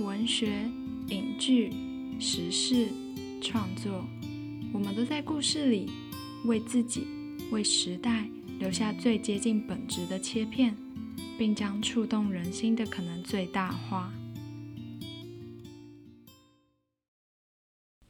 文學、影劇、時事、創作，我們都在故事裡為自己、為時代留下最接近本質的切片，並將觸動人心的可能最大化。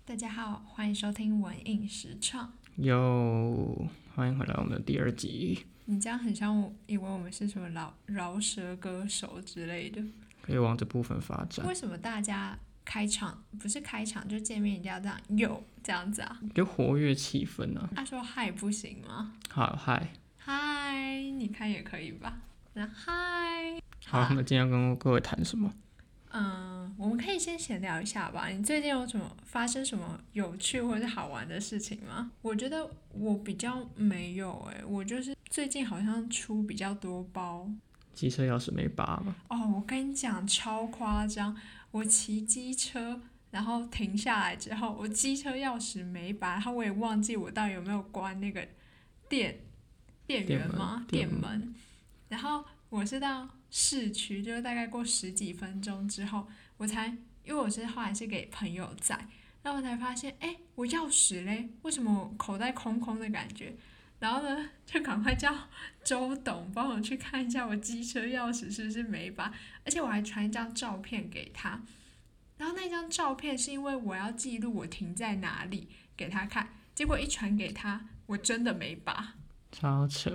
大家好，歡迎收聽文影時創。喲，歡迎回到我們的第二集。你這樣很像我以為我們是什麼饒饒舌歌手之類的。可以往這部分發展。為什麼大家開場不是開場就見面，一定要這樣有這樣子啊？就活躍氣氛呢、啊。他、啊、說嗨不行嗎？好嗨。嗨，Hi, 你看也可以吧？那嗨。好，那今天要跟各位談什麼？嗯，我們可以先閒聊一下吧。你最近有什麼發生什麼有趣或者好玩的事情嗎？我覺得我比較沒有誒、欸，我就是最近好像出比較多包。機車鑰匙沒拔嗎？哦，我跟你講，超誇張，我騎機車，然後停下來之後，我機車鑰匙沒拔，然後我也忘記我到底有沒有關那個電電源嗎電門電門？電門，然後我是到市區，就是大概過十幾分鐘之後，我才，因為我是後來是給朋友載，然後我才發現，誒，我鑰匙嘞？為什麼我口袋空空的感覺？然後呢，就趕快叫周懂幫我去看一下我機車鑰匙是不是沒拔，而且我還傳一張照片給他。然後那張照片是因為我要記錄我停在哪裡給他看，結果一傳給他，我真的沒拔。超扯，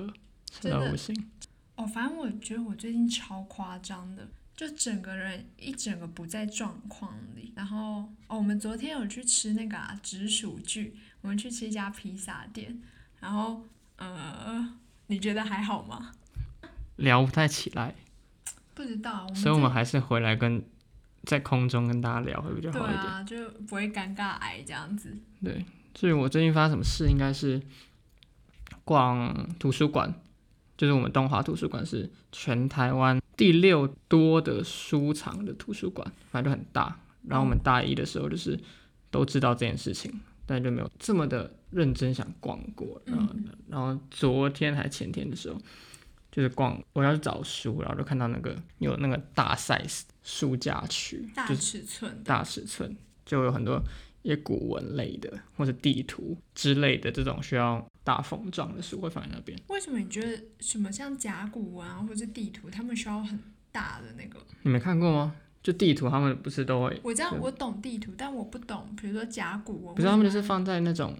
超真的不行。哦，反正我覺得我最近超誇張的，就整個人一整個不在狀況裡。然後，哦，我們昨天有去吃那個直、啊、屬聚，我們去吃一家披薩店，然後。嗯，你覺得還好嗎？聊不太起來，不知道，所以我們還是回來跟在空中跟大家聊會比較好一點，啊、就不會尷尬哎這樣子。對，至於，我最近發生什麼事，應該是逛圖書館，就是我們東華圖書館是全台灣第六多的書藏的圖書館，反正很大。然後我們大一的時候，就是都知道這件事情。但就沒有這麼的認真想逛過，然後，嗯、然後昨天還前天的時候，就是逛我要去找書，然後就看到那個有那個大 size 書架區，大尺寸，就是、大尺寸就有很多，一些古文類的或者地圖之類的這種需要大封裝的書會放在那邊。為什麼你覺得什麼像甲骨文啊或者地圖，他們需要很大的那個？你沒看過嗎？就地圖，他們不是都會？我知道我懂地圖，但我不懂，比如說甲骨文，不是他們就是放在那種，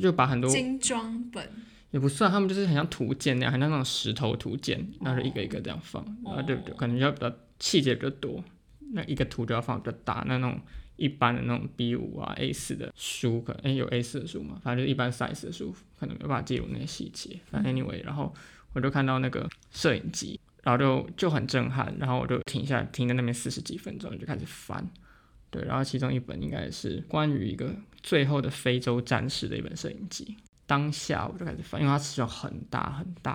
就把很多精裝本也不算，他們就是很像圖鑑那樣，很像那種石頭圖鑑，然後就一個一個這樣放，哦、然後就可能就要比較細節比較多、哦，那一個圖就要放比較大，那那種一般的那種 B 五啊 A 四的書，可能、欸、有 A 四的書嘛，反正就一般 size 的書，可能沒辦法記錄那些細節、嗯，反正 anyway，然後我就看到那個攝影機。然後就就很震撼，然後我就停下來，停在那邊四十幾分鐘，就開始翻。對，然後其中一本應該是關於一個最後的非洲戰士的一本攝影集。當下我就開始翻，因為它尺寸很大很大，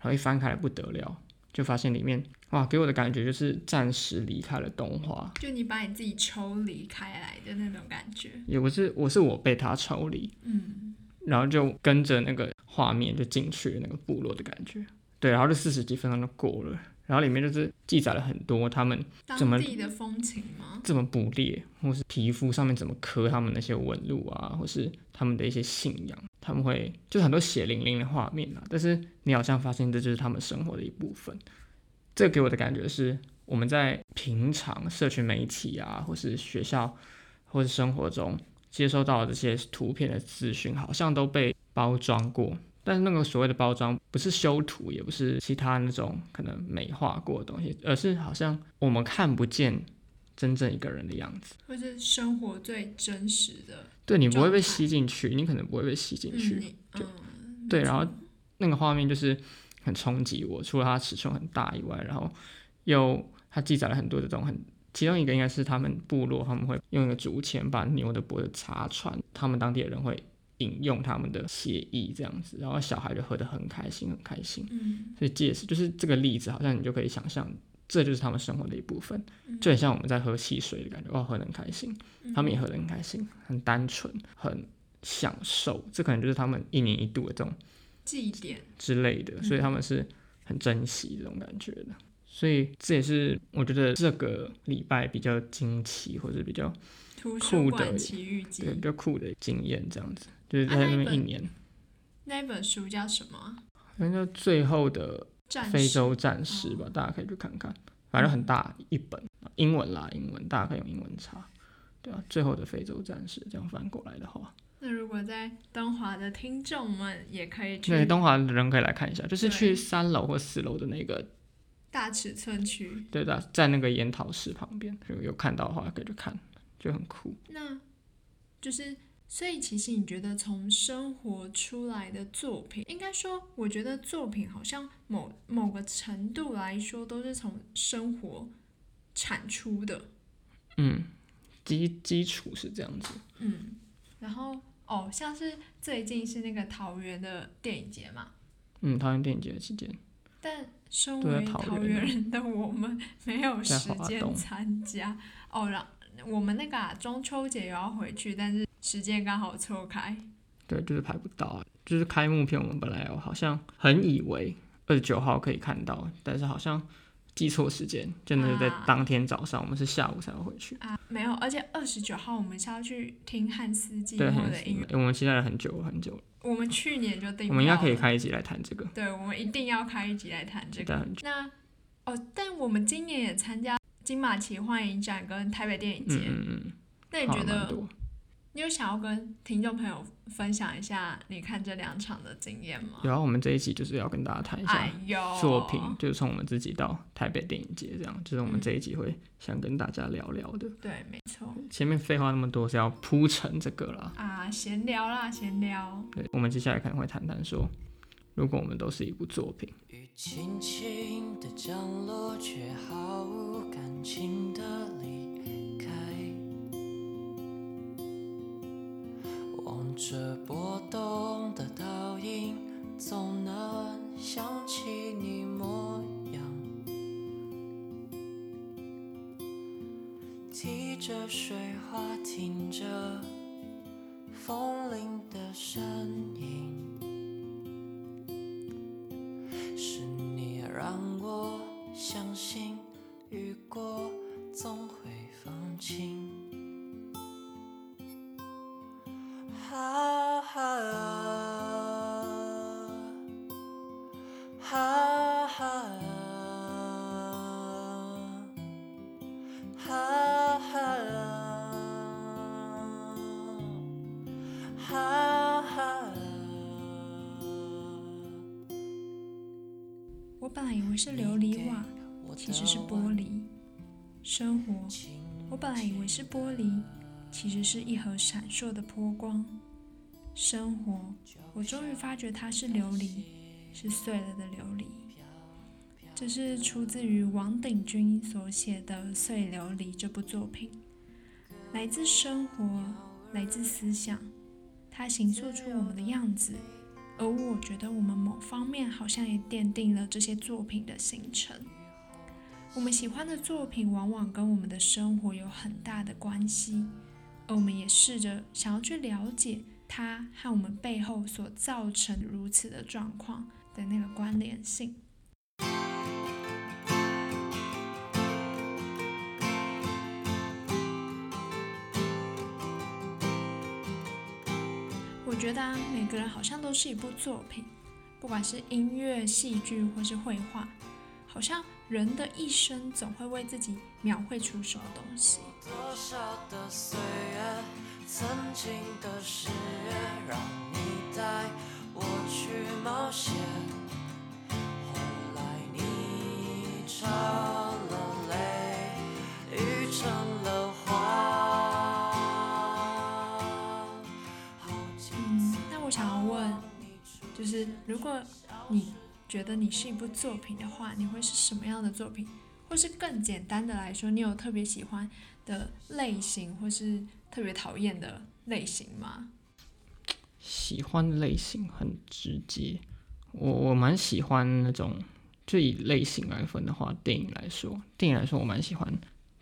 然後一翻開來不得了，就發現裡面哇，給我的感覺就是暫時離開了動畫，就你把你自己抽離開來的那種感覺。也不是，我是我被它抽離，嗯，然後就跟着那個畫面就進去那個部落的感覺。對，然後就四十幾分鐘就過了。然後裡面就是記載了很多他們怎麼當地的風情嗎？怎麼捕獵，或是皮膚上面怎麼刻他們那些紋路啊，或是他們的一些信仰，他們會就是很多血淋淋的畫面啊。但是你好像發現這就是他們生活的一部分。這個給我的感覺是，我們在平常社群媒體啊，或是學校，或是生活中接收到的這些圖片的資訊，好像都被包裝過。但是那個所謂的包裝，不是修圖，也不是其他那種可能美化過的東西，而是好像我們看不見真正一個人的樣子，或是生活最真實的。對，你不會被吸進去，你可能不會被吸進去、嗯對嗯對嗯。對，然後那個畫面就是很衝擊我，除了它尺寸很大以外，然後又它記載了很多這種很，其中一個應該是他們部落，他們會用一個竹籤把牛的脖子插穿，他們當地的人會。引用他們的血液這樣子，然後小孩就喝得很開心，很開心。嗯，所以借、就、此、是、就是這個例子，好像你就可以想象，這就是他們生活的一部分，嗯，就很像我們在喝汽水的感覺，哇，喝得很開心。嗯。他們也喝得很開心，很單純，很享受。這可能就是他們一年一度的這種祭典之類的，所以他們是很珍惜這種感覺的。嗯、所以這也是我覺得這個禮拜比較驚奇，或者比較酷的，對，比較酷的經驗這樣子。就是在那邊一年。啊、那，本，那本書叫什麼？叫、就是《最後的非洲戰士》吧，大家可以去看看，哦、反正很大一本，英文啦，英文，大家可以用英文查，對吧、啊？《最後的非洲戰士》這樣翻過來的話。那如果在東華的聽眾們也可以去，對，東華的人可以來看一下，就是去三樓或四樓的那個大尺寸區，對的，在那個研討室旁邊，就有看到的話可以去看，就很酷。那就是。所以其實你覺得從生活出來的作品，應該說，我覺得作品好像某某個程度來說都是從生活產出的，嗯，基基礎是這樣子，嗯，然後哦，像是最近是那個桃園的電影節嘛，嗯，桃園電影節期間，但身為桃園人的我們沒有時間參加，哦，然我們那個、啊、中秋節也要回去，但是。時間剛好錯開，對，就是拍不到，就是開幕片。我們本來有好像很以為二十九號可以看到，但是好像記錯時間，真的是在當天早上。啊、我們是下午才會回去。啊，沒有，而且二十九號我們是要去聽漢斯季莫的音樂。對，我們期待了很久了很久。我們去年就訂。我們應該可以開一集來談這個。對，我們一定要開一集來談這個。那哦，但我們今年也參加金馬奇幻影展跟台北電影節。嗯嗯。那你覺得？你有想要跟聽眾朋友分享一下你看這兩場的經驗嗎？有啊，我們這一集就是要跟大家談一下作品，哎、就是從我們自己到台北電影節這樣，就是我們這一集會想跟大家聊聊的。嗯、對，沒錯。前面廢話那麼多是要鋪成這個了。啊，閒聊啦，閒聊。對，我們接下來可能會談談說，如果我們都是一部作品。望着波動的倒影，總能想起你模樣。提着水花，聽着風鈴的聲音，是你讓我相信雨過總會放晴。我本來以為是琉璃瓦，其實是玻璃。生活，我本來以為是玻璃，其實是一河閃爍的波光。生活，我終於發覺它是琉璃，是碎了的琉璃。這是出自於王鼎鈞所寫的《碎琉璃》這部作品，來自生活，來自思想，它形塑出我們的樣子。而我覺得，我們某方面好像也奠定了這些作品的形成。我們喜歡的作品，往往跟我們的生活有很大的關係，而我們也試着想要去了解它和我們背後所造成如此的狀況的那個關聯性。每個人好像都是一部作品，不管是音樂、戲劇或是繪畫，好像人的一生總會為自己描繪出什麼東西。多少的歲月，曾經的誓言，讓你帶我去冒險，後來你就是，如果你覺得你是一部作品的話，你會是什麼樣的作品？或是更簡單的來說，你有特別喜歡的類型，或是特別討厭的類型嗎？喜歡的類型很直接，我我蠻喜歡那種，就以類型來分的話，電影來說，電影來說我蠻喜歡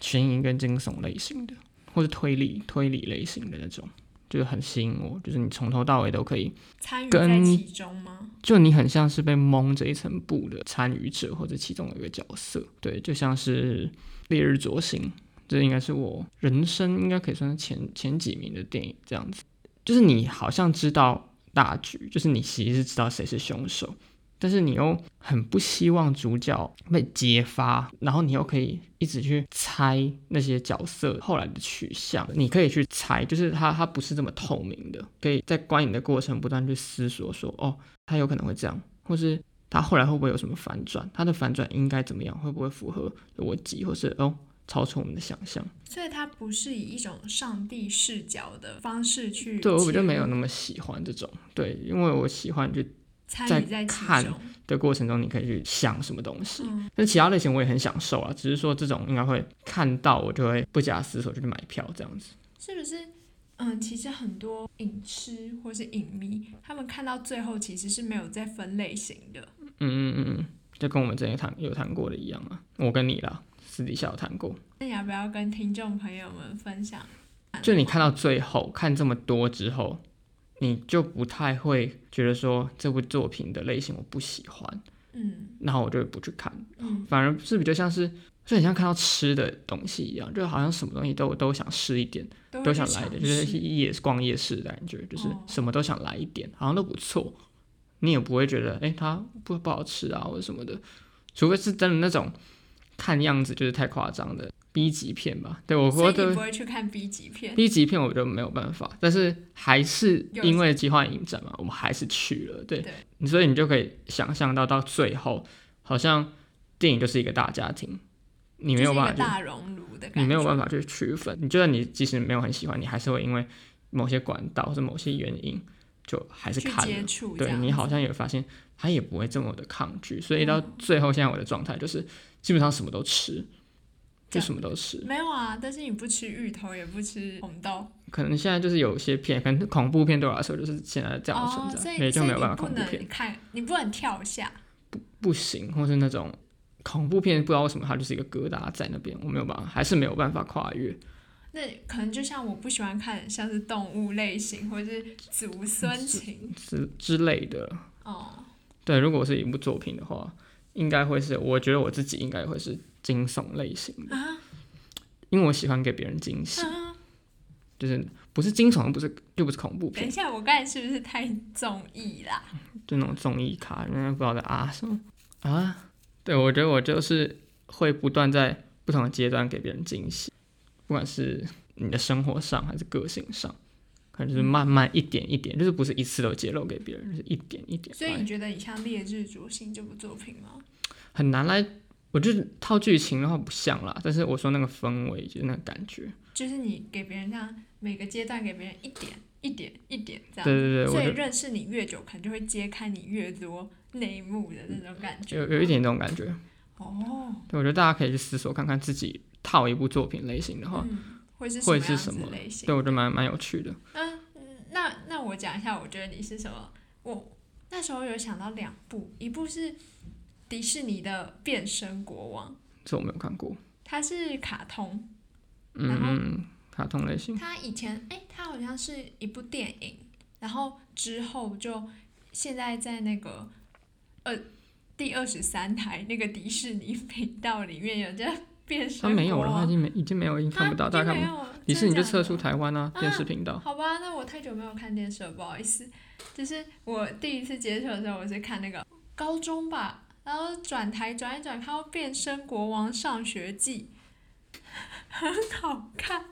懸疑跟驚悚類型的，或是推理推理類型的那種。就是很吸引我，就是你從頭到尾都可以參與其中嗎？就你很像是被蒙着一層布的參與者或者其中的一個角色，對，就像是《烈日灼心》，這應該是我人生應該可以算是前前幾名的電影，這樣子。就是你好像知道大局，就是你其實是知道誰是兇手。但是你又很不希望主角被揭發，然後你又可以一直去猜那些角色後來的取向，你可以去猜，就是它它不是這麼透明的，可以在觀影的過程不斷去思索說，說哦，它有可能會這樣，或是它後來會不會有什麼反轉，它的反轉應該怎麼樣，會不會符合邏輯，或是哦超出我們的想象。所以它不是以一種上帝視角的方式去。對，我比較沒有那麼喜歡這種，對，因為我喜歡就。在看的過程中，你可以去想什麼東西。那、嗯、其他類型我也很享受啊，只是說這種應該會看到我就會不假思索就去買票這樣子。是不是？嗯，其實很多影癡或是影迷，他們看到最後其實是沒有在分類型的。嗯嗯嗯嗯，就跟我們之前談有談過的一樣啊，我跟你啦，私底下有談過。那你要不要跟聽眾朋友們分享？就你看到最後，看這麼多之後。你就不太會覺得說這部作品的類型我不喜歡，嗯，然後我就不去看，嗯、反而是比較像是，就很像看到吃的東西一樣，就好像什麼東西都都想吃一點，都，想，都想來一點，就是一夜逛夜市的感覺，就是什麼都想來一點，哦、好像都不錯，你也不會覺得哎、欸、它不不好吃啊或者什麼的，除非是真的那種看樣子就是太誇張的。B 級片吧，對，我我不，不會去看 B 級片。B 級片我就沒有辦法，但是還是因為計劃影展嘛，我們還是去了，對，你所以你就可以想象到到最後，好像電影就是一個大家庭，你沒有辦法、就是、大熔爐的，你沒有辦法去區分。你就算你即使沒有很喜歡，你還是會因為某些管道或者某些原因，就還是看了。接觸。對，你好像也發現他也不會這麼的抗拒，所以到最後，現在我的狀態就是、嗯、基本上什麼都吃。就什麼都是沒有啊，但是你不吃芋頭也不吃紅豆。可能現在就是有些片，可能恐怖片對我來說就是現在這樣的存在，沒、哦、沒有辦法恐怖片，你你看，你不能跳下。不不行，或是那種恐怖片，不知道為什麼它就是一個疙瘩在那邊，我沒有辦法，還是沒有辦法跨越。那可能就像我不喜歡看像是動物類型或者是祖孫情之之類的。哦，對，如果是一部作品的話，應該會是，我覺得我自己應該會是驚悚類型的，啊，因為我喜歡給別人驚喜，啊，就是不是驚悚，不是又不是恐怖片。等一下，我剛才是不是太綜藝啦？就那種綜藝咖，人家不知道在啊什麼啊。對，我覺得我就是會不斷在不同的階段給別人驚喜，不管是你的生活上還是個性上。就是慢慢一點一點，就是不是一次都揭露給別人，就是一點一點,一點。所以你覺得你像《烈日灼心》這部作品嗎？很難來，我就是套劇情的話不像啦，但是我說那個氛圍，就是那感覺。就是你給別人這樣，每個階段給別人一點一點一點這樣。對對對，所以認識你越久，可能就會揭開你越多內幕的那種感覺。有有一點那種感覺。哦。對，我覺得大家可以去思索看看自己套一部作品類型的話。嗯會是什麼樣子類型的？對，我覺得蠻蠻有趣的。嗯，那那我講一下，我覺得你是什麼？我那時候有想到兩部，一部是迪士尼的《變身國王》。這我沒有看過。它是卡通。然後，嗯，卡通類型。它以前哎、欸，它好像是一部電影，然後之後就現在在那個呃第二十三台那個迪士尼頻道裡面有的。它沒有了，他已經沒，已經沒有，已經看不到。但、啊、是迪士尼就撤出台灣啊，啊，電視頻道、啊。好吧，那我太久沒有看電視了，不好意思。就是我第一次接觸的時候，我是看那個高中吧，然後轉台轉一轉，看到《變身國王上學記》，很好看，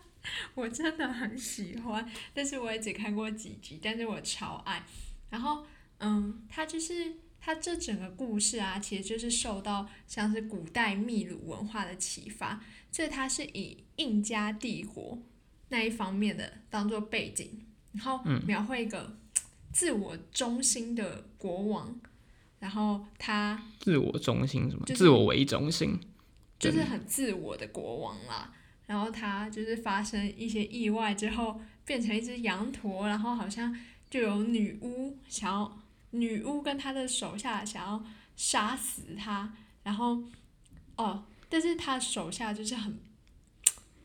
我真的很喜歡。但是我也只看過幾集，但是我超愛。然後，嗯，它就是。他這整個故事啊，其實就是受到像是古代秘魯文化的啟發，所以他是以印加帝國那一方面的當做背景，然後描繪一個自我中心的國王，然後他自我中心什麼？自我為中心，就是很自我的國王啦。然後他就是發生一些意外之後，變成一隻羊駝，然後好像就有女巫想要。女巫跟他的手下想要殺死他，然後，哦，但是他手下就是很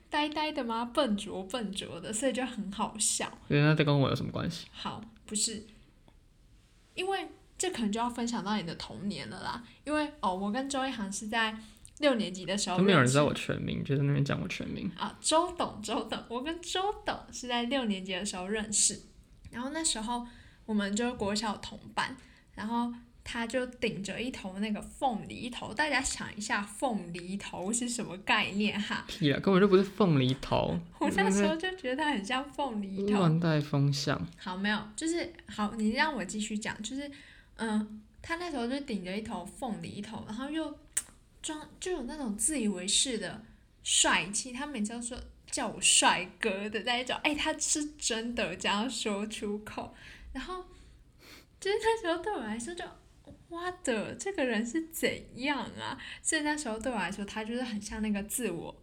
呆呆的嘛，笨拙笨拙的，所以就很好笑。那這跟我有什麼關係？好，不是，因為這可能就要分享到你的童年了啦。因為哦，我跟周一航是在六年級的時候。都沒有人知道我全名，就是那邊講我全名。啊、哦，周懂，周懂，我跟周懂是在六年級的時候認識，然後那時候。我們就國小同伴，然後他就頂着一頭那個鳳梨頭，大家想一下，鳳梨頭是什麼概念哈？屁啊、根本就不是鳳梨頭。我那時候就覺得他很像鳳梨頭。亂帶風向。好，沒有，就是好，你讓我繼續講，就是嗯，他那時候就頂着一頭鳳梨頭，然後又裝就有那種自以為是的帥氣，他每次都說叫我帥哥的，那一種哎、欸，他是真的，這樣說出口。然後，就是那時候對我來說就，就哇的這個人是怎樣啊？所以那時候對我來說，他就是很像那個自我，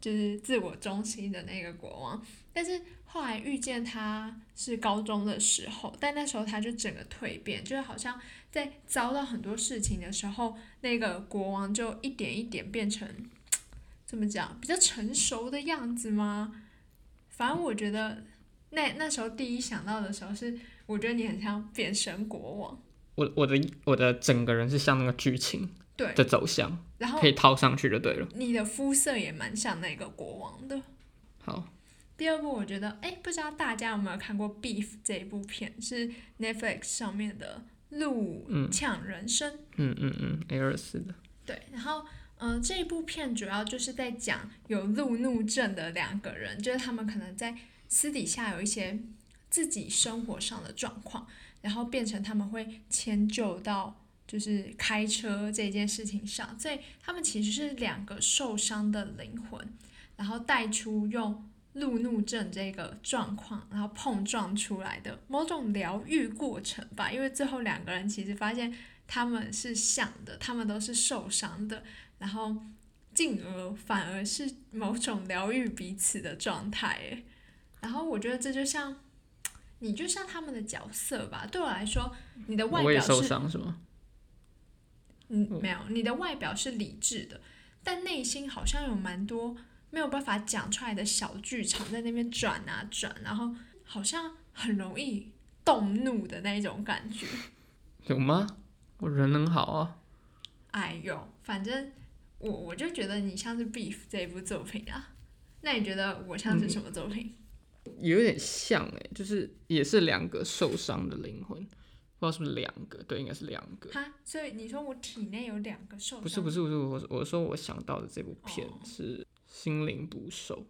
就是自我中心的那個國王。但是後來遇見他是高中的時候，但那時候他就整個蛻變，就是好像在遭到很多事情的時候，那個國王就一點一點變成，怎麼講比較成熟的樣子嗎？反正我覺得那那時候第一想到的時候是。我覺得你很像變身國王。我我的我的整個人是像那個劇情的走向，然後可以套上去就對了。你的膚色也蠻像那個國王的。好，第二部我覺得，哎、欸，不知道大家有沒有看過《Beef》這一部片，是 Netflix 上面的《怒嗆人生》，嗯。嗯嗯嗯，A24 的。對，然後嗯、呃，這部片主要就是在講有路怒症的兩個人，就是他們可能在私底下有一些。自己生活上的狀況，然後變成他們會遷就到就是開車這件事情上，所以他們其實是兩個受傷的靈魂，然後帶出用路怒症這個狀況，然後碰撞出來的某種療癒過程吧。因為最後兩個人其實發現他們是像的，他們都是受傷的，然後進而反而是某種療癒彼此的狀態。然後我覺得這就像。你就像他們的角色吧，對我來說，你的外表是，什麼嗯，沒有，你的外表是理智的，哦、但內心好像有蠻多沒有辦法講出來的小劇場在那邊轉啊轉，然後好像很容易動怒的那一種感覺。懂嗎？我人很好啊。哎呦，反正我我就覺得你像是《Beef》這一部作品啊，那你覺得我像是什麼作品？嗯有點像誒、欸，就是也是兩個受傷的靈魂，不知道是不是兩個？對，應該是兩個。蛤？所以你說我體內有兩個受？不是不是不是，我我說我想到的這部片是心《心靈捕手》，《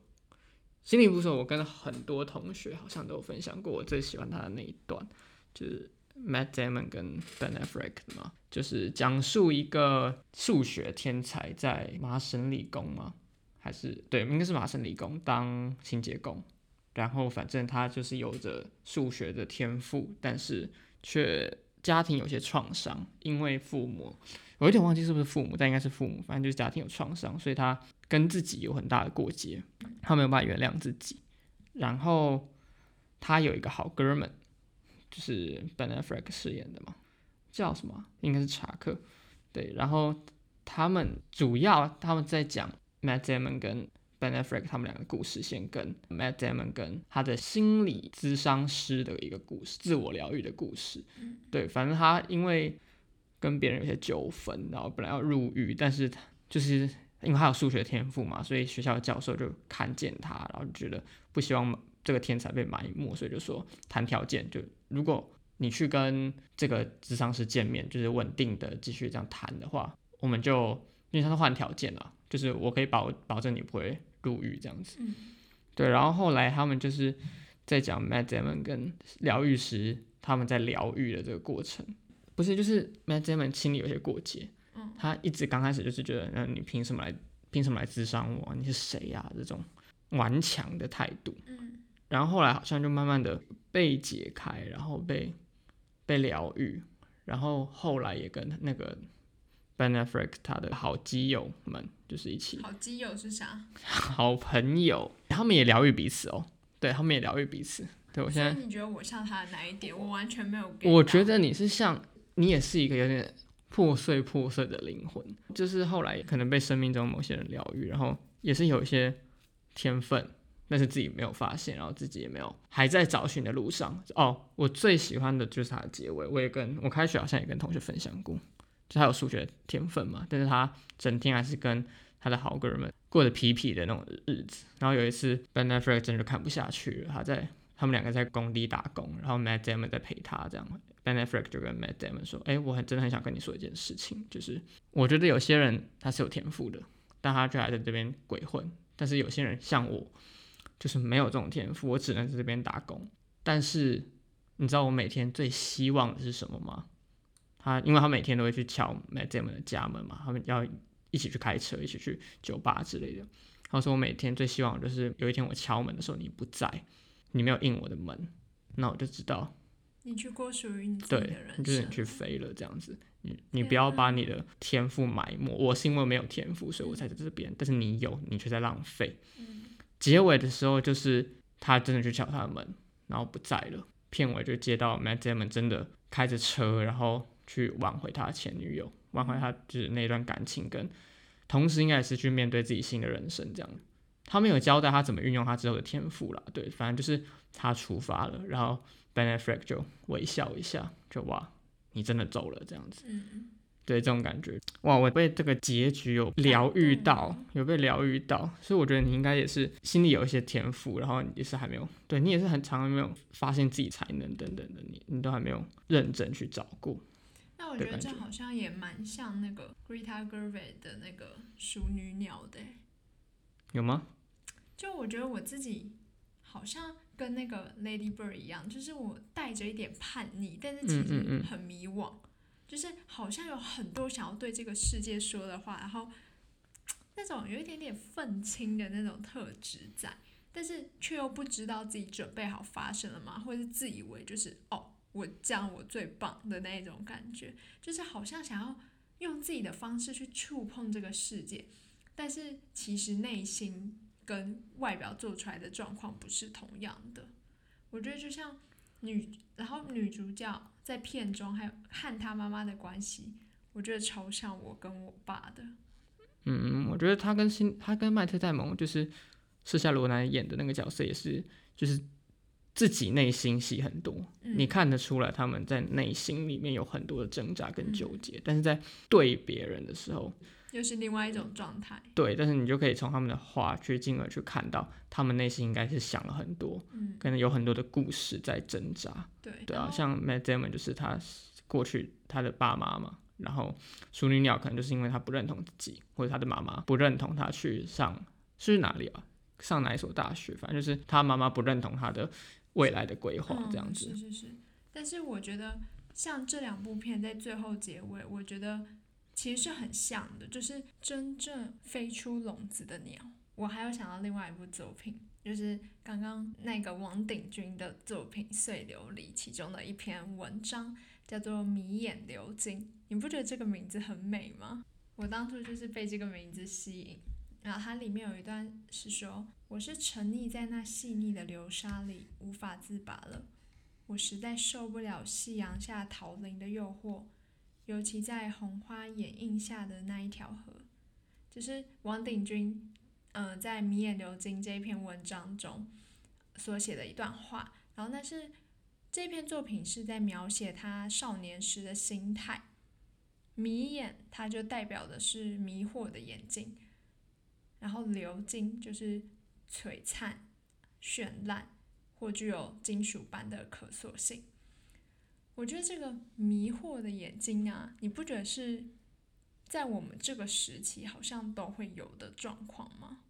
心靈捕手》我跟很多同學好像都有分享過，我最喜歡他的那一段，就是 Matt Damon 跟 Ben Affleck 的嘛，就是講述一個數學天才在麻省理工嗎？還是對，應該是麻省理工當清潔工。然後，反正他就是有着數學的天賦，但是卻家庭有些創傷，因為父母，我有一點忘記是不是父母，但應該是父母，反正就是家庭有創傷，所以他跟自己有很大的過節，他沒有辦法原諒自己。然後他有一個好哥們，就是 Ben Affleck 飾演的嘛，叫什麼啊？應該是查克，對。然後他們主要他們在講 Matt Damon 跟。Ben Affleck 他們兩個故事，先跟 Matt Damon 跟他的心理諮商師的一個故事，自我療癒的故事。對，反正他因為跟別人有些糾紛，然後本來要入獄，但是就是因為他有數學天賦嘛，所以學校的教授就看見他，然後就覺得不希望這個天才被埋沒，所以就說談條件，就如果你去跟這個諮商師見面，就是穩定的繼續這樣談的話，我們就因為他是換條件了、啊，就是我可以保保證你不會。入獄這樣子，嗯，對，然後後來他們就是在講 Matt Damon 跟療癒師他們在療癒的這個過程，不是就是 Matt Damon 心裡有些過節，嗯，他一直剛開始就是覺得，那你憑什麼來憑什麼來諮商我？啊，你是誰呀？啊，這種頑強的態度，嗯，然後後來好像就慢慢的被解開，然後被被療癒，然後後來也跟那個。Ben Affleck 他的好基友們就是一起。好基友是啥？好朋友，他們也療癒彼此哦。對，他們也療癒彼此。對我現在，你覺得我像他哪一點？我完全沒有。我覺得你是像，你也是一個有點破碎破碎的靈魂，就是後來可能被生命中某些人療癒，然後也是有一些天分，但是自己沒有發現，然後自己也沒有還在找尋的路上。哦，我最喜歡的就是他的結尾，我也跟我開學，好像也跟同學分享過。他有數學的天分嘛？但是他整天還是跟他的好哥們過得皮皮的那種日子。然後有一次，Ben Affleck 真的看不下去了。他在他們兩個在工地打工，然後 Matt Damon 在陪他這樣。嗯、Ben Affleck 就跟 Matt Damon 說：“哎、欸，我很真的很想跟你說一件事情，就是我覺得有些人他是有天賦的，但他卻還在這邊鬼混。但是有些人像我，就是沒有這種天賦，我只能在這邊打工。但是你知道我每天最希望的是什麼嗎？”他，因為他每天都會去敲 Matt Damon 的家門嘛，他們要一起去開車，一起去酒吧之類的。他說：“我每天最希望就是有一天我敲門的時候你不在，你沒有應我的門，那我就知道你去過屬於你的對，就是你去飛了這樣子。你，你不要把你的天賦埋沒。我是因為沒有天賦，所以我才在，在這邊，但是你有，你卻在浪費。”結尾的時候就是他真的去敲他的門，然後不在了。片尾就接到 Matt Damon 真的開着車，然後。去挽回他前女友，挽回他就是那段感情跟，跟同時應該也是去面對自己新的人生這樣。他沒有交代他怎麼運用他之後的天賦啦，對，反正就是他出發了，然後 Ben Affleck 就微笑一下，就哇，你真的走了這樣子，嗯，對，這種感覺，哇，我被這個結局有療癒到，嗯，有被療癒到，所以我覺得你應該也是心裡有一些天賦，然後你也是還沒有，對你也是很長沒有發現自己才能等等的，你，你都還沒有認真去找過。那我覺得這好像也蠻像那個 Greta Gerwig 的那個淑女鳥的，有嗎？就我覺得我自己好像跟那個 Lady Bird 一樣，就是我帶着一點叛逆，但是其實很迷惘，就是好像有很多想要對這個世界說的話，然後那種有一點點憤青的那種特質在，但是卻又不知道自己準備好發聲了嗎？或者是自以為就是哦、oh。我這樣，我最棒的那種感覺，就是好像想要用自己的方式去觸碰這個世界，但是其實內心跟外表做出來的狀況不是同樣的。我覺得就像女，然後女主角在片中還有和她媽媽的關係，我覺得超像我跟我爸的。嗯，我覺得他跟新，他跟麥特戴蒙就是瑟夏羅南演的那個角色也是，就是。自己內心戲很多，嗯，你看得出來他們在內心裡面有很多的掙扎跟糾結，嗯、但是在對別人的時候又是另外一種狀態，嗯。對，但是你就可以從他們的話去進而去看到他們內心應該是想了很多，可，嗯、能有很多的故事在掙扎。對，對啊，哦，像 Madam 就是他過去他的爸媽嘛，然後淑女鳥可能就是因為他不認同自己，或者他的媽媽不認同他去上是哪裡啊？上哪一所大學？反正就是他媽媽不認同他的未來的規劃、嗯、這樣子，是是是，但是我覺得像這兩部片在最後結尾，我覺得其實是很像的，就是真正飛出籠子的鳥。我還有想到另外一部作品，就是剛剛那個王鼎鈞的作品《碎琉璃》其中的一篇文章，叫做《迷眼流金》。你不覺得這個名字很美嗎？我當初就是被這個名字吸引，然後它裡面有一段是說。我是沉溺在那細膩的流沙裡，無法自拔了。我實在受不了夕陽下桃林的誘惑，尤其在紅花掩映下的那一條河。這，就是王鼎鈞，嗯、呃，在《迷眼流金》這一篇文章中所寫的一段話。然後，那是這篇作品是在描寫他少年時的心態。迷眼，它就代表的是迷惑的眼睛，然後流金就是。璀璨、絢爛，或具有金屬般的可塑性。我覺得這個迷惑的眼睛啊，你不覺得是在我們這個時期好像都會有的狀況嗎？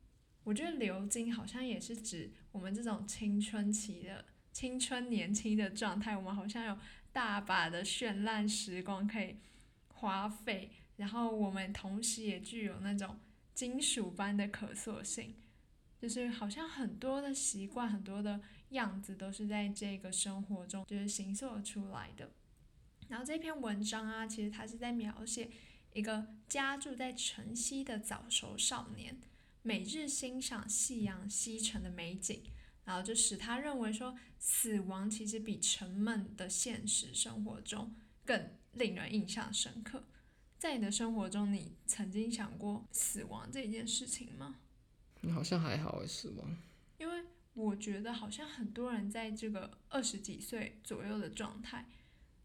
我覺得流金好像也是指我們這種青春期的青春年輕的狀態，我們好像有大把的絢爛時光可以花費，然後我們同時也具有那種金屬般的可塑性。就是好像很多的習慣，很多的樣子都是在這個生活中就是形塑出來的。然後這篇文章啊，其實它是在描寫一個家住在城西的早熟少年，每日欣賞夕陽西沉的美景，然後就使他認為說死亡其實比沉悶的現實生活中更令人印象深刻。在你的生活中，你曾經想過死亡這件事情嗎？你好像還好，死亡，因為我覺得好像很多人在這個二十幾歲左右的狀態，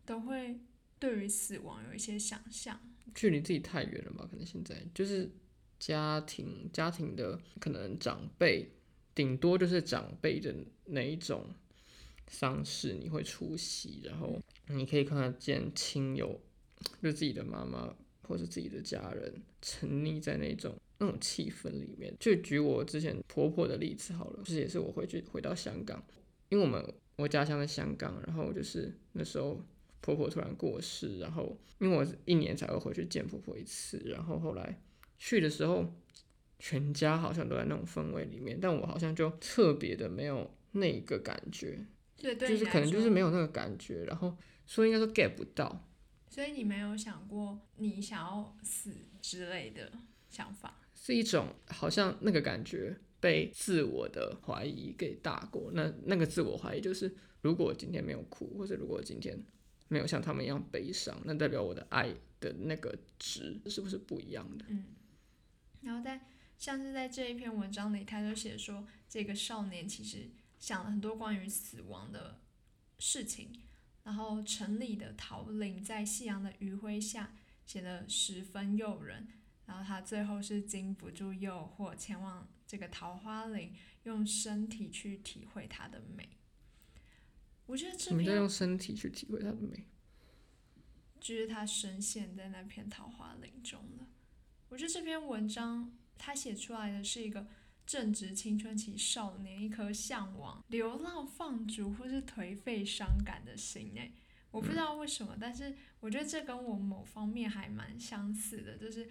都會對於死亡有一些想象。距離自己太遠了吧？可能現在就是家庭，家庭的可能長輩，頂多就是長輩的哪一種喪事你會出席，然後你可以看得見親友，就自己的媽媽或者自己的家人沉溺在那種。那種氣氛裡面，就舉我之前婆婆的例子好了。其實也是我回去回到香港，因為我們我家鄉在香港，然後就是那時候婆婆突然過世，然後因為我一年才會回去見婆婆一次，然後後來去的時候，全家好像都在那種氛圍裡面，但我好像就特別的沒有那一個感覺。對，就是可能就是沒有那個感覺，然後所以應該都 get 不到。所以你沒有想過你想要死之類的想法？是一種好像那個感覺被自我的懷疑給打過，那那個自我懷疑就是，如果今天沒有哭，或者如果今天沒有像他們一樣悲傷，那代表我的愛的那個值是不是不一樣的？嗯。然後在像是在這一篇文章裡，他就寫說，這個少年其實想了很多關於死亡的事情。然後城裡的桃林在夕陽的餘暉下顯得十分誘人。然後他最後是經不住誘惑，或前往這個桃花林，用身體去體會它的美。什麼叫用身體去體會它的美？就是他深陷在那片桃花林中了。我覺得這篇文章他寫出來的是一個正值青春期少年，一顆嚮往流浪、放逐或是頹廢、傷感的心。哎，我不知道為什麼、嗯，但是我覺得這跟我某方面還蠻相似的，就是。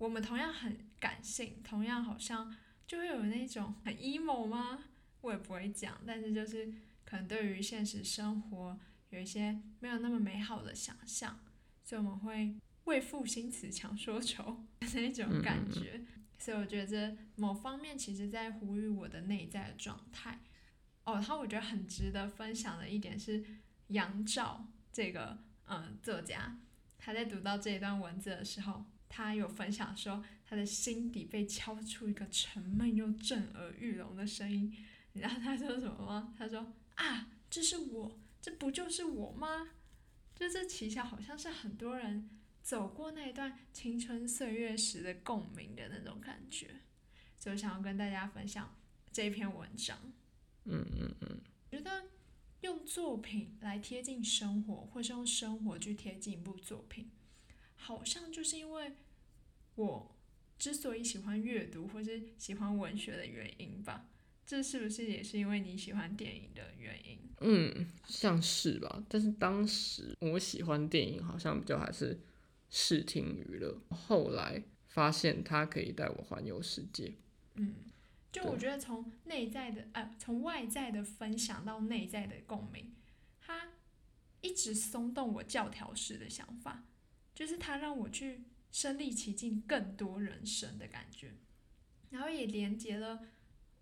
我們同樣很感性，同樣好像就會有那種很 emo 嗎？我也不會講，但是就是可能對於現實生活有一些沒有那麼美好的想象，所以我們會為賦新詞強說愁的那種感覺。嗯嗯嗯。所以我覺得某方面其實在呼籲我的內在的狀態。哦，他我覺得很值得分享的一點是楊照這個嗯作家，他在讀到這一段文字的時候。他有分享說，他的心底被敲出一個沉悶又震耳欲聾的聲音。你知道他說什麼嗎？他說：“啊，這是我，這不就是我嗎？”就這，其實好像是很多人走過那一段青春歲月時的共鳴的那種感覺。就想要跟大家分享這篇文章。嗯嗯嗯，覺得用作品來貼近生活，或是用生活去貼近一部作品。好像就是因為我之所以喜歡閱讀或是喜歡文學的原因吧，這是不是也是因為你喜歡電影的原因？嗯，像是吧。但是當時我喜歡電影，好像比較還是視聽娛樂。後來發現它可以帶我環遊世界。嗯，就我覺得從內在的、啊、從外在的分享到內在的共鳴，它一直鬆動我教條式的想法。就是它讓我去身歷其境更多人生的感覺，然後也連接了，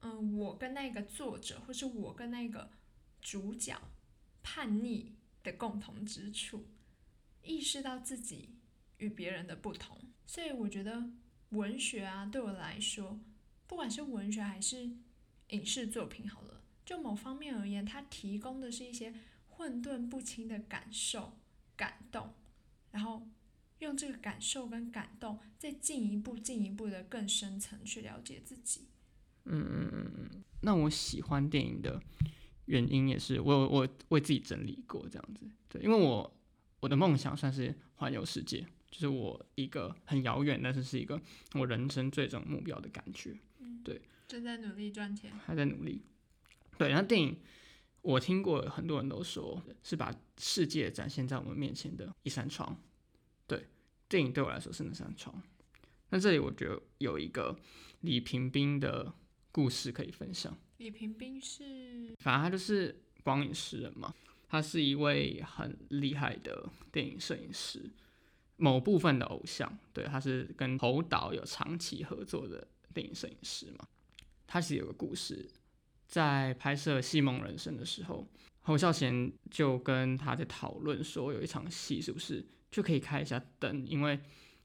嗯，我跟那個作者，或是我跟那個主角叛逆的共同之處，意識到自己與別人的不同。所以我覺得文學啊，對我來說，不管是文學還是影視作品，好了，就某方面而言，它提供的是一些混沌不清的感受、感動，然後。用這個感受跟感動，再進一步、進一步的更深層去了解自己。嗯嗯嗯嗯。那我喜歡電影的原因也是，我有我有為自己整理過這樣子。對，因為我我的夢想算是環遊世界，就是我一個很遙遠，但是是一個我人生最終目標的感覺。嗯，對。正在努力賺錢。還在努力。對，然後電影，我聽過很多人都說是把世界展現在我們面前的一扇窗。對，電影對我來說是那扇窗。那這裡我覺得有一個李屏賓的故事可以分享。李屏賓是，反正他就是光影詩人嘛，他是一位很厲害的電影攝影師，某部分的偶像。對，他是跟侯導有長期合作的電影攝影師嘛。他其實有一個故事，在拍攝《戲夢人生》的時候，侯孝賢就跟他在討論說，有一場戲是不是？就可以開一下燈，因為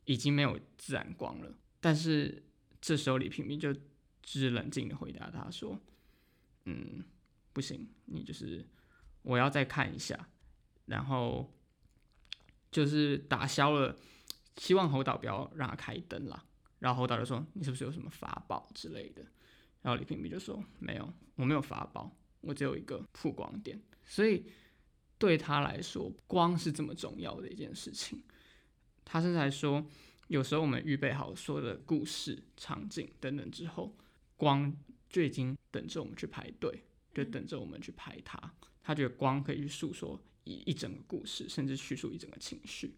已經沒有自然光了。但是這時候李屏賓就只是冷靜的回答他說：“嗯，不行，你就是我要再看一下。”然後就是打消了希望侯導不要讓他開燈啦。然後侯導就說：“你是不是有什麼法寶之類的？”然後李屏賓就說：“沒有，我沒有法寶，我只有一個曝光點。”所以。對他來說，光是這麼重要的一件事情。他甚至還說，有時候我們預備好所有的故事、場景等等之後，光就已經等着我們去排隊，就等着我們去拍它。他覺得光可以去訴說一整個故事，甚至敘述一整個情緒。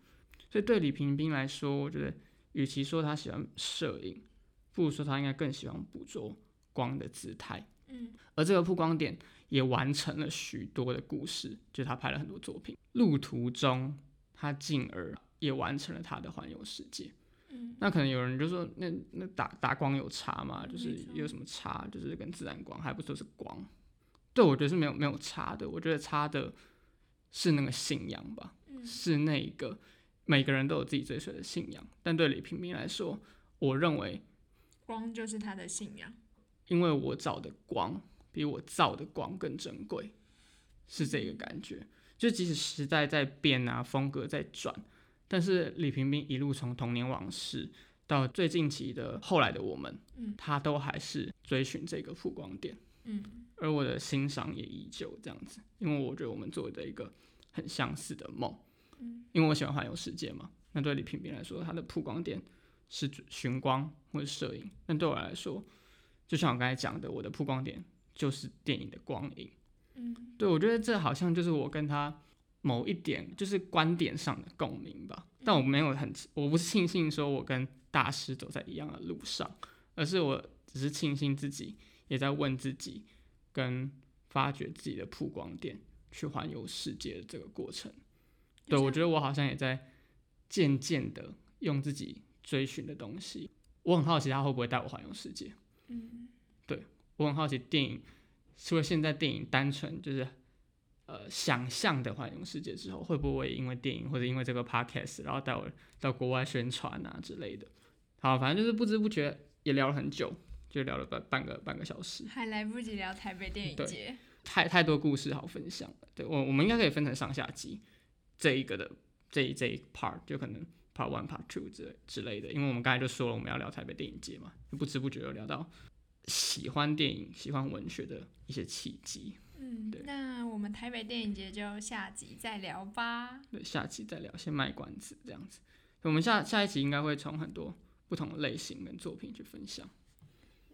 所以對李平斌來說，我覺得與其說他喜歡攝影，不如說他應該更喜歡捕捉光的姿態。嗯，而這個曝光點。也完成了許多的故事，就他拍了很多作品。路途中，他進而也完成了他的環遊世界、嗯。那可能有人就說，那那打打光有差嗎？就是有什麼差？就是跟自然光還不都是光。對，我覺得是沒有沒有差的。我覺得差的是那個信仰吧，嗯、是那個每個人都有自己追隨的信仰。但對李平萍來說，我認為光就是他的信仰，因為我找的光。比我造的光更珍貴，是這個感覺。就即使時代在變啊，風格在轉，但是李屏賓一路從童年往事到最近期的後來的我們，嗯、他都還是追尋這個曝光點，嗯、而我的欣賞也依舊這樣子，因為我覺得我們做的一個很相似的夢，嗯。因為我喜歡環遊世界嘛。那對李屏賓來說，她的曝光點是尋光或者攝影。那對我來說，就像我剛才講的，我的曝光點。就是電影的光影，嗯，對，我覺得這好像就是我跟他某一點就是觀點上的共鳴吧？嗯。但我沒有很，我不是慶幸說我跟大師走在一樣的路上，而是我只是慶幸自己也在問自己，跟發掘自己的曝光點，去環遊世界的這個過程。嗯，對，我覺得我好像也在漸漸的用自己追尋的東西。我很好奇他會不會帶我環遊世界，嗯，對。我很好奇，電影除了現在電影單純就是呃想象的環遊世界之後，會不會因為電影或者因為這個 podcast，然後帶我到國外宣傳啊之類的？好，反正就是不知不覺也聊了很久，就聊了半半個半個小時。還來不及聊台北電影節，太太多故事好分享了。對我，我們應該可以分成上下集，這一個的這一這一 part 就可能 part one、part two 之之類的。因為我們剛才就說了，我們要聊台北電影節嘛，就不知不覺又聊到。喜歡電影、喜歡文學的一些契機。嗯，對。那我們台北電影節就下集再聊吧。對，下集再聊，先賣關子這樣子。我們下下一集應該會從很多不同的類型跟作品去分享。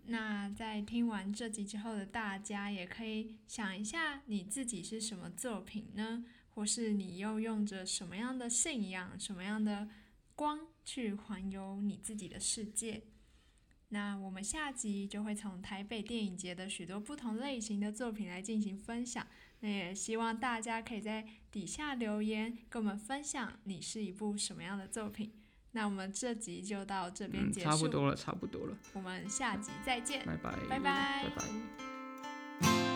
那在聽完這集之後的大家，也可以想一下你自己是什麼作品呢？或是你又用着什麼樣的信仰、什麼樣的光去環遊你自己的世界？那我們下集就會從台北電影節的許多不同類型的作品來進行分享。那也希望大家可以在底下留言，跟我們分享你是一部什麼樣的作品。那我們這集就到這邊結束，嗯，差不多了，差不多了。我們下集再見，拜拜，拜拜，拜拜。